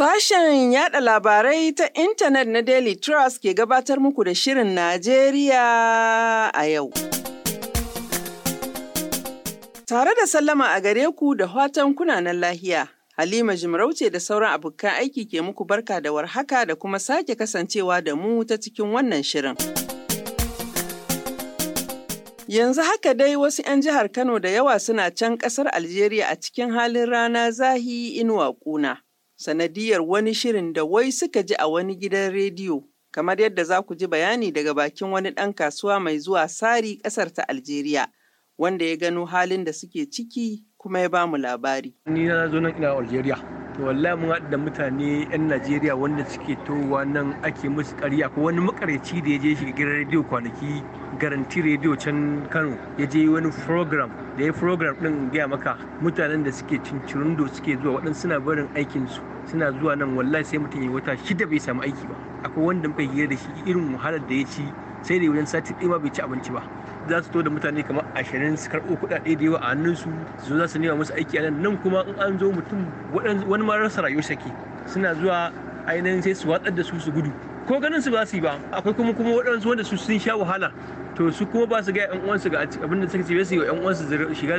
Sashen yada labarai ta intanet na Daily Trust ke gabatar muku da Shirin Najeriya a yau. Tare da sallama a gare ku da watan kunanan lahiya, Halima Jimarauce da sauran abokan aiki ke muku barka da warhaka da kuma sake kasancewa da mu ta cikin wannan shirin. Yanzu haka dai wasu 'yan jihar Kano da yawa suna can ƙasar Algeria a cikin halin rana zahi inuwa ƙuna. sanadiyar wani shirin da wai suka ji a wani gidan rediyo, kamar yadda za ku ji bayani daga bakin wani ɗan kasuwa mai zuwa Sari ƙasar ta Algeria, wanda ya gano halin da suke ciki kuma ya ba mu labari. Ni na zo nan ina Algeria. walla wallahi mun haɗu da mutane 'yan najeriya wanda suke towa nan ake musu ƙarya ko wani makaraci da ya je shi gidan rediyo kwanaki garanti rediyo can kano ya je wani program da ya program ɗin gaya maka mutanen da suke da suke zuwa waɗanda suna barin aikinsu suna zuwa nan wallahi sai mutum ya wata shida bai samu aiki ba akwai wanda muka hira da shi irin wahalar da ya ci sai da wajen sati ɗaya ma bai ci abinci ba za su to da mutane kamar ashirin su karɓo kuɗaɗe da yawa a hannunsu su za su nema musu aiki a nan nan kuma in an zo mutum wani ma rasa rayuwar sake suna zuwa ainihin sai su watsar da su su gudu ko ganin su ba su yi ba akwai kuma kuma waɗansu wanda su sun sha wahala to su kuma ba su ga yan uwansu ga abin da suka ce su yi wa yan uwansu shiga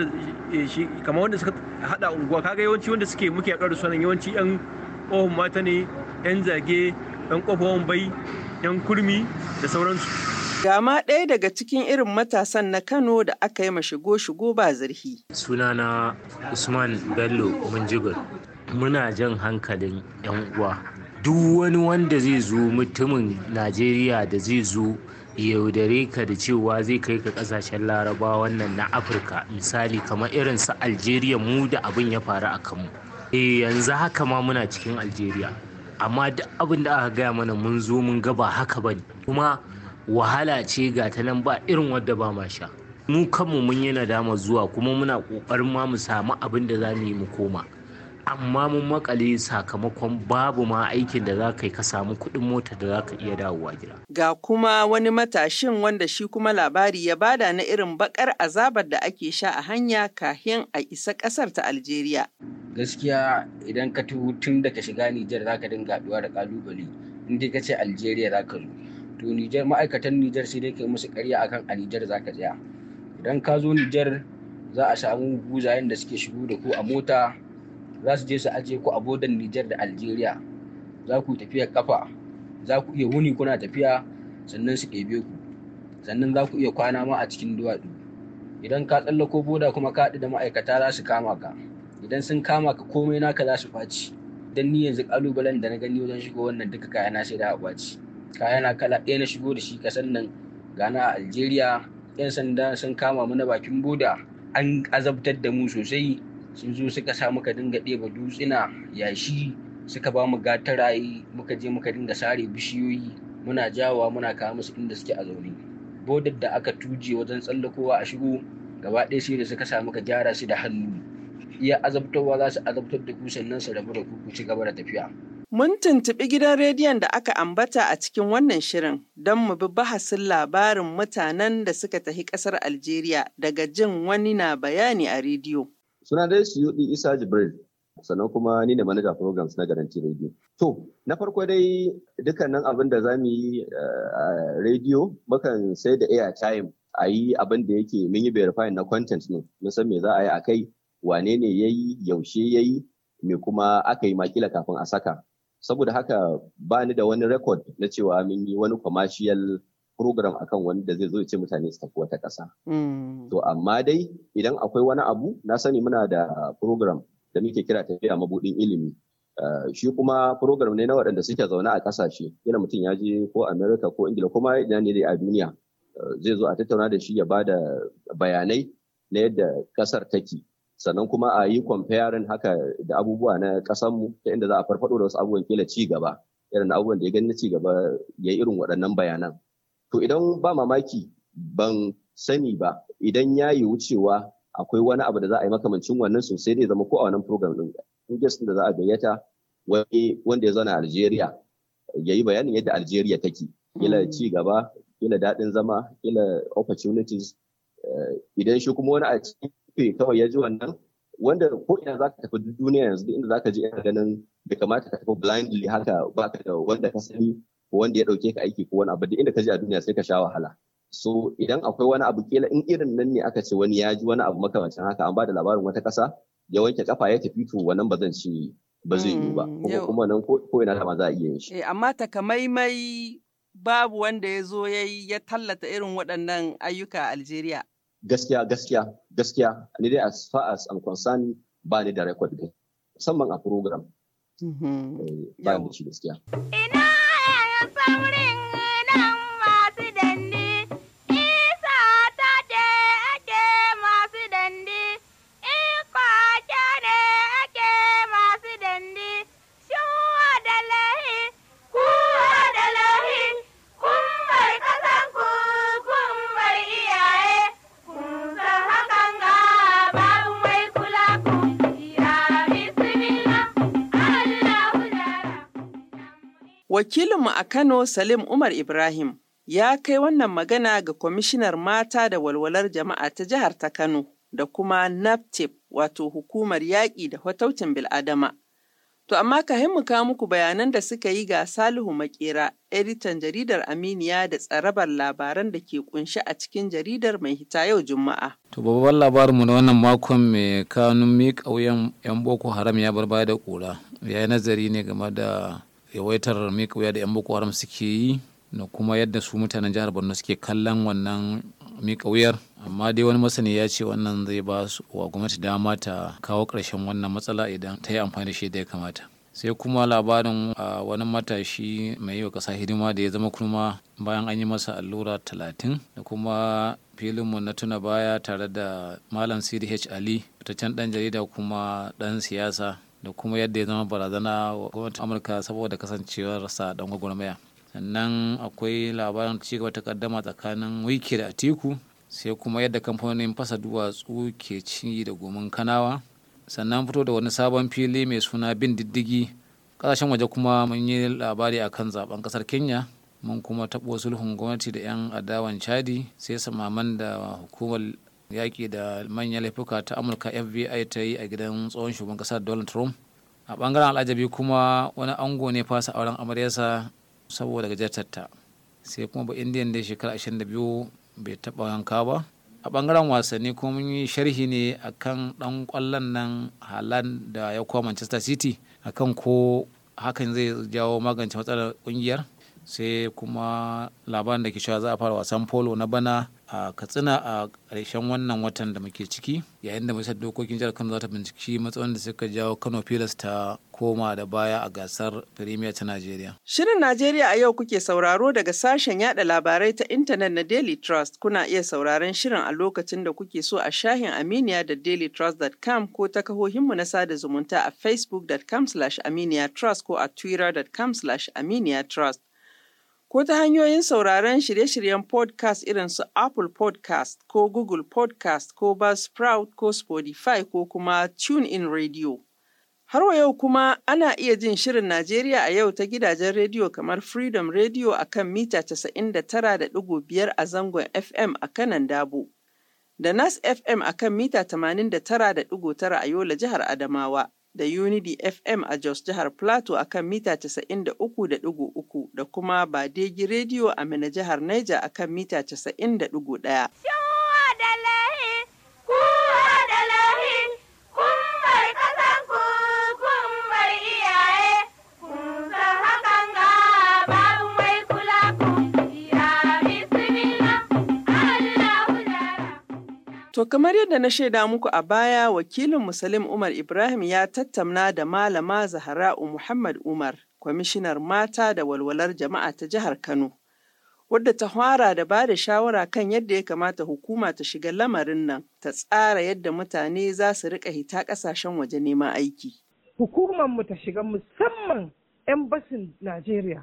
kamar wanda suka haɗa unguwa kaga yawanci wanda suke muke yaɗuwa da sunan yawanci yan ohun mata ne yan zage yan ƙofar bai yan kurmi da sauransu Ga ma ɗaya daga cikin irin matasan na Kano da aka yi ma shigo-shigo ba zurfi. Sunana Usman Bello Munjibir. Muna jan hankalin 'yan uwa. Duk wani wanda zai zo mutumin Najeriya da zai zo yaudare ka da cewa zai kai ka kasashen laraba wannan na afirka misali kamar irin su algeria mu da abin ya faru a kanmu eh yanzu haka ma muna cikin algeria amma duk abin da aka gaya mana mun zo mun ga ba haka ba kuma wahala ce ga ta nan ba irin wadda ba ma sha mu kanmu mun yi nadama zuwa kuma muna ƙoƙarin ma mu samu abin da za mu yi mu koma amma mun makale sakamakon babu ma aikin da za ka yi ka samu kuɗin mota da za ka iya dawowa gida. Ga kuma wani matashin wanda shi kuma labari ya bada na irin bakar azabar da ake sha a hanya kahin a isa ƙasar ta Algeria. Gaskiya idan ka tun da ka shiga Nijar za ka dinga haɗuwa da ƙalubale, in dai ka ce Algeria za ka zo. to Nijar ma'aikatan Nijar sai dai kai musu ƙarya akan a Nijar za ka tsaya idan ka zo Nijar za a samu guzayen da suke shigo da ku a mota za su je su ajiye ku a bodan Nijar da Algeria za ku tafiya kafa za ku iya wuni kuna tafiya sannan su ɗebe ku sannan za ku iya kwana ma a cikin duwatsu idan ka tsallako boda kuma ka da ma'aikata za su kama ka idan sun kama ka komai naka za su faci don ni yanzu kalubalen da na gani wajen shigo wannan duka kayana sai da a ɓaci kaya na kala ɗaya na shigo da shi kasan nan gana a algeria yan sanda sun kama mu na bakin boda an azabtar da mu sosai sun zo suka sa muka dinga ɗeba dutsina yashi suka ba mu gataraye muka je muka dinga sare bishiyoyi muna jawa muna kawo musu inda suke a zaune bodar da aka tuje wajen tsallakowa a shigo gaba ɗaya sai da suka sa muka gyara su da hannu iya azabtarwa za su azabtar da ku sannan su rabu da ku ku ci gaba da tafiya Mun tuntuɓi gidan rediyon da aka ambata a cikin wannan shirin don mu bi bahasin labarin mutanen da suka tafi ƙasar Algeria daga jin wani na bayani a rediyo. Suna dai su Suyuɗi Isa Jibril, sannan kuma ni ne manaja programs na garanti rediyo. To, na farko dai dukkanin abin da za mu yi eh, a rediyo, mukan sai da air time a yi abin da yake mun yi verifying na content ne, mun san me za a yi a kai, wane ne ya yi, yaushe ya yi, me kuma aka yi makila kafin a saka. saboda haka ba ni da wani rekod na cewa mun yi wani commercial program akan wani da zai zo ya ce mutane su tafi wata ƙasa. Mm. To amma dai idan akwai wani abu na sani muna da program da muke kira tafiya mabudin ilimi. Eh, shi kuma program ne na waɗanda suke zaune a ƙasashe yana mutum ya je ko America ko Ingila kuma ina ne dai a duniya eh, zai zo a tattauna da shi ya ba da bayanai na yadda ƙasar take sannan kuma a yi comparing haka da abubuwa na kasanmu ta inda za a farfado da wasu abubuwan kila ci gaba irin abubuwan da ya gani na ci gaba ya irin waɗannan bayanan to idan ba mamaki ban sani ba idan ya yi wucewa akwai wani abu da za a yi makamancin wannan sosai zai zama ko a wannan program din in da za a gayyata wani wanda ya zauna Algeria ya yi bayanin yadda Algeria take kila hmm. ci gaba kila daɗin zama kila opportunities eh, idan shi kuma wani a cikin rufe kawai ya ji wannan wanda ko ina za ka tafi duniya yanzu inda za ka je ina ganin bai kamata ka tafi blindly haka ba ka da wanda ka sani ko wanda ya ɗauke ka aiki ko wani abu duk inda ka je a duniya sai ka sha wahala so idan akwai wani abu kila in irin nan ne aka ce wani ya ji wani abu makamancin haka an ba da labarin wata kasa ya wanke kafa ya tafi to wannan ba zan ci ba zai yiwu ba mm, kuma nan ko ina ma za a iya yin shi eh, amma takamaimai babu wanda ya zo ya ya tallata irin waɗannan ayyuka a Algeria gaskiya gaskiya gaskiya ni dai as far as I'm concerned ba ni da record din musamman a program mm-hmm. eh, ba ni shi gaskiya ina ya samu Wakilinmu a Kano Salim Umar Ibrahim ya kai wannan magana ga kwamishinar mata da walwalar jama'a ta jihar ta Kano da kuma NAPTIP wato hukumar yaƙi da fataucin bil'adama. To amma ka mu kawo muku bayanan da suka yi ga Salihu Makera, editan jaridar Aminiya da tsarabar labaran da ke kunshi a cikin jaridar mai hita yau Juma'a. To babban labarinmu na wannan makon mai kanun miƙa wuyan 'yan Boko Haram ya bar bada da ƙura. Ya yi nazari ne game da yawaitar miƙa wuya da 'yan boko haram suke yi da kuma yadda su mutanen jihar borno suke kallon wannan miƙa wuyar amma dai wani masani ya ce wannan zai ba wa gwamnati dama ta kawo ƙarshen wannan matsala idan ta yi amfani da shi da ya kamata sai kuma labarin a wani matashi mai yi wa ƙasa hidima da ya zama kuma bayan an yi masa allura talatin da kuma filinmu na tuna baya tare da malam cdh ali fitaccen dan jarida kuma ɗan siyasa da kuma yadda ya zama barazana wa gwamnatin amurka saboda kasancewar sa dan gwagwarmaya sannan akwai labarin ci gaba ta kaddama tsakanin wiki da atiku sai kuma yadda kamfanonin fasa duwatsu ke ci da gomin kanawa sannan fito da wani sabon fili mai suna bin diddigi kasashen waje kuma mun yi labari akan zaben kasar kenya mun kuma taɓo sulhun gwamnati da 'yan adawan chadi sai samaman da hukumar yaki da manyan laifuka ta amurka fbi ta yi a gidan tsohon shugaban kasar donald trump a bangaren al'ajabi kuma wani ango ne fasa auren amaryarsa saboda gajartarta sai kuma ba indiyan da shekara 22 bai taɓa yanka ba a bangaren wasanni kuma mun yi sharhi ne akan ɗan kwallon nan halan da ya kuwa manchester city akan ko hakan zai jawo magance matsalar ƙungiyar sai kuma labarin da ke cewa za a fara wasan polo na bana a katsina a ƙarshen wannan watan da muke ciki yayin da majalisar dokokin jihar kano za ta binciki matsayin da suka jawo kano pilas ta koma da baya a gasar firimiya ta najeriya shirin najeriya a yau kuke sauraro daga sashen yada labarai ta intanet na daily trust kuna iya sauraron shirin a lokacin da kuke so a shahin aminiya da dailytrust.com ko ta kahohinmu na sada zumunta a facebook.com aminiya trust ko a twitter.com aminiya trust ko ta hanyoyin sauraron shirye-shiryen podcast irin su Apple podcast ko Google podcast ko Buzzsprout ko Spotify ko kuma TuneIn Radio. Har wa yau kuma ana iya jin shirin Najeriya a yau ta gidajen rediyo kamar Freedom Radio a kan mita 99.5 a zangon FM a kanan Dabo, da Nas FM a kan mita 89.9 a Yola jihar Adamawa. da Unity FM a Jos jihar Plateau a kan mita 93.3 da kuma Badegi Radio a Mina jihar Niger a kan mita 90.1. To kamar yadda na shaida muku a baya wakilin Musalim Umar Ibrahim ya tattauna da Malama Zahra'u Muhammad Umar, kwamishinar mata da walwalar jama'a ta jihar Kano, wadda ta hwara da ba da shawara kan yadda ya kamata hukuma ta shiga lamarin nan ta tsara yadda mutane za su rika hita kasashen waje neman aiki. Hukumar mu ta shiga musamman 'yan basin Najeriya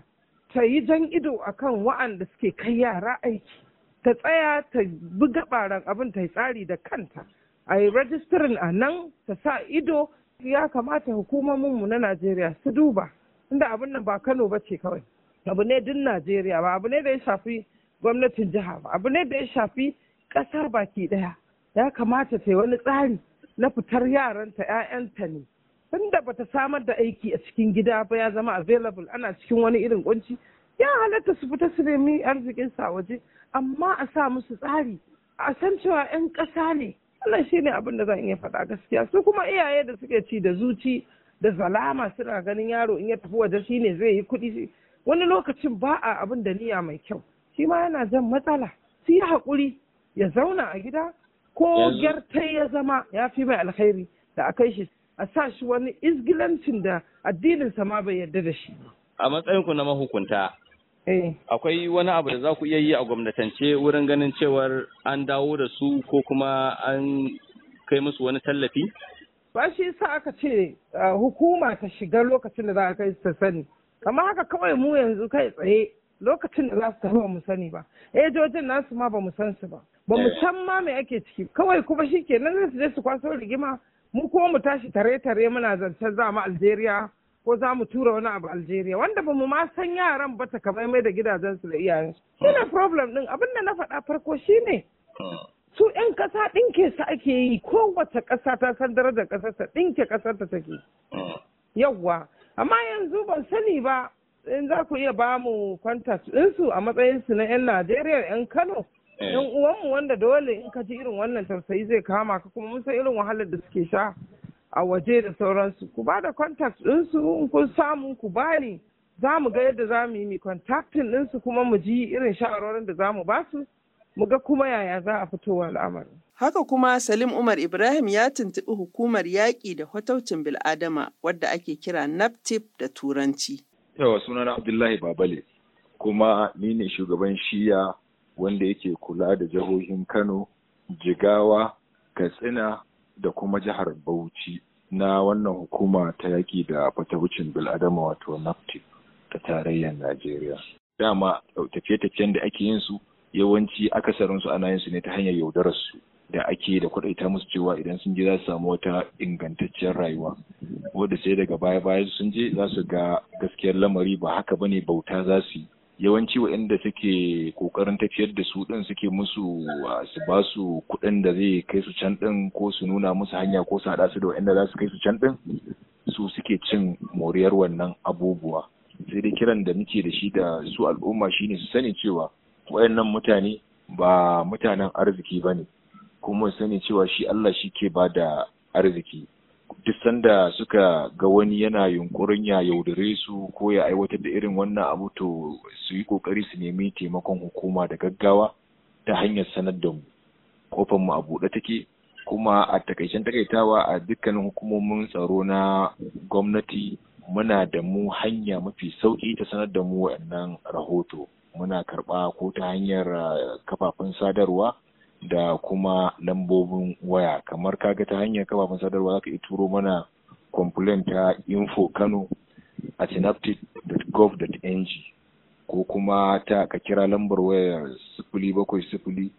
ta yi jan ido akan wa'anda suke kai yara aiki. ta tsaya ta buga gabaran abin ta tsari da kanta a yi rajistirin a nan ta sa ido ya kamata hukumominmu na najeriya su duba inda abin nan ba kano ba ce kawai abu ne din najeriya ba abu ne da ya shafi gwamnatin jiha ba abu ne da ya shafi ƙasa baki ɗaya ya kamata ta yi wani tsari na fitar yaranta 'ya'yanta ne tunda bata samar da aiki a cikin gida ba ya zama available ana cikin wani irin kunci ya halatta su fita su nemi arzikin sa waje amma a sa musu tsari a san cewa 'yan ƙasa ne wannan shine abin da zan iya faɗa gaskiya su kuma iyaye da suke ci da zuci da zalama suna ganin yaro in ya tafi waje shine zai yi kuɗi wani lokacin ba a abin da niyya mai kyau shi ma yana jan matsala su yi haƙuri ya zauna a gida ko gyartai ya zama ya fi mai alkhairi da a kai shi a sa shi wani izgilancin da addininsa ma bai yarda da shi a matsayinku na mahukunta Eh. akwai wani abu da za ku iya yi a gwamnatance wurin ganin cewar an dawo da su ko kuma an kai musu wani tallafi? Ba shi sa aka ce hukuma ta shiga lokacin da za a kai ta sani. Kamar haka kawai mu yanzu kai tsaye lokacin da za su ta mu sani ba. Ejojin nasu ma ba mu san su ba. Ba mu eh. san ma mai ake ciki. Kawai kuma shi kenan zai su je su kwaso rigima. Mu kuma mu tashi tare-tare muna zancen za mu Algeria ko za mu tura wani abu Algeria wanda ba mu ma san yaran ba ta kamar mai da gidajensu da iyayensu. Hmm. ne problem din abin da na faɗa farko shi ne hmm. su 'yan ƙasa ɗinke sa ake yi kowace ƙasa ta san darajar ƙasarta ɗinke ƙasarta take. Hmm. Yawwa amma yanzu ban sani ba in za ku iya ba mu kwantas ɗinsu a matsayinsu na 'yan Najeriya 'yan Kano. Yan uwanmu wanda dole in ka ji irin wannan tausayi zai kama ka kuma mun san irin wahalar da suke sha. a waje da sauransu ku ba da contact ɗinsu in kun samu ku bani za mu ga yadda za mu yi contactin ɗinsu kuma mu ji irin shawarorin da za mu ba su mu ga kuma yaya za a fitowa al'amarin. Haka kuma Salim Umar Ibrahim ya tuntuɓi hukumar yaƙi da hotaucin bil'adama wadda ake kira NAPTIP da Turanci. Yawa sunana Abdullahi Babale kuma ni ne shugaban shiya wanda yake kula da jihohin Kano, Jigawa, Katsina, da kuma jihar Bauchi na wannan hukuma ta yaki da wucin bil'adama wato NAFTIP ta tarayyar Najeriya. Dama tafiye-tafiyen da ake yin su yawanci akasarin su ana yin su ne ta hanyar yaudarar su da ake da kuɗaita musu cewa idan sun je za su samu wata ingantacciyar rayuwa wadda sai daga baya-baya sun je za su ga gaskiyar lamari ba haka bane bauta za su yi yawanci waɗanda suke kokarin tafiyar da su ɗin suke musu su ba su kuɗin da zai kai su can ɗin ko su nuna musu hanya ko su haɗa su da waɗanda za su kai su can ɗin su suke cin moriyar wannan abubuwa sai dai kiran da muke da shi da su al'umma shine su sani cewa waɗannan mutane ba mutanen arziki ba ne kuma sani cewa shi Allah shi ke ba da arziki duk sanda suka ga wani yana yunkurin ya yaudare su ko ya aiwatar da irin wannan abu to su yi kokari su nemi taimakon hukuma da gaggawa ta hanyar sanar da mu kofar mu a buɗe take kuma a takaicen takaitawa a dukkanin hukumomin tsaro na gwamnati muna da mu hanya mafi sauƙi ta sanar da mu wannan rahoto muna karɓa ko ta hanyar eh, kafafen sadarwa da kuma lambobin waya kamar kaga ta hanyar kafafen sadarwa ka yi turo mana complaint ta info kano at synaptic.gov.ng ko kuma ta ka kira lambar wayar sifili bakwai sifili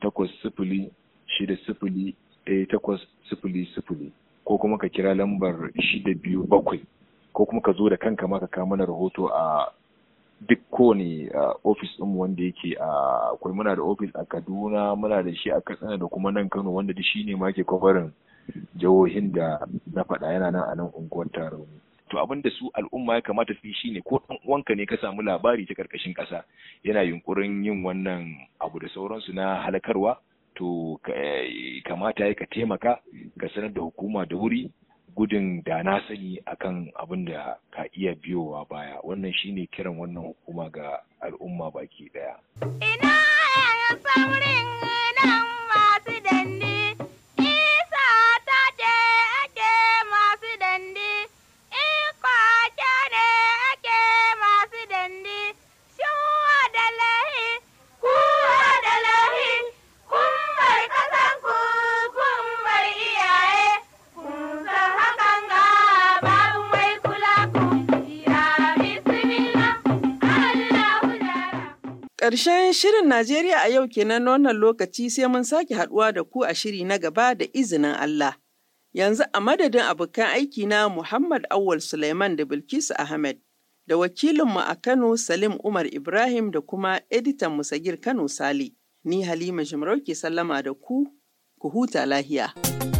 takwas sifili shida sifili ɗaya eh, takwas sifili sifili ko kuma ka kira lambar shida biyu bakwai ko kuma ka zo da kanka ma ka kawo mana rahoto a duk kowane uh, ofis ɗin wanda yake a uh, akwai muna da ofis a Kaduna muna da shi a Katsina da kuma nan Kano wanda duk shine ma ke kwafarin jihohin da na faɗa yana nan a nan unguwar taro to abin da su al'umma ya kamata su yi ne, ko ɗan uwanka ne ka samu labari ta karkashin ƙasa yana yunkurin yin wannan abu da sauransu na halakarwa to eh, kamata ya ka taimaka ka sanar da hukuma da wuri gudun da na sani akan abin da ka iya biyowa baya wannan shine kiran wannan hukuma ga al'umma baki daya ina ya saurin Ƙarshen shirin Najeriya a yau kenan na wannan lokaci sai mun sake haɗuwa da ku a shiri na gaba da izinin Allah. Yanzu a madadin abokan aiki na Muhammad Awul Suleiman da Bilkisu Ahmed da wakilinmu a Kano Salim Umar Ibrahim da kuma editan Musagir Kano Sali. Ni Halima Jimarau ke sallama da ku, ku huta lahiya.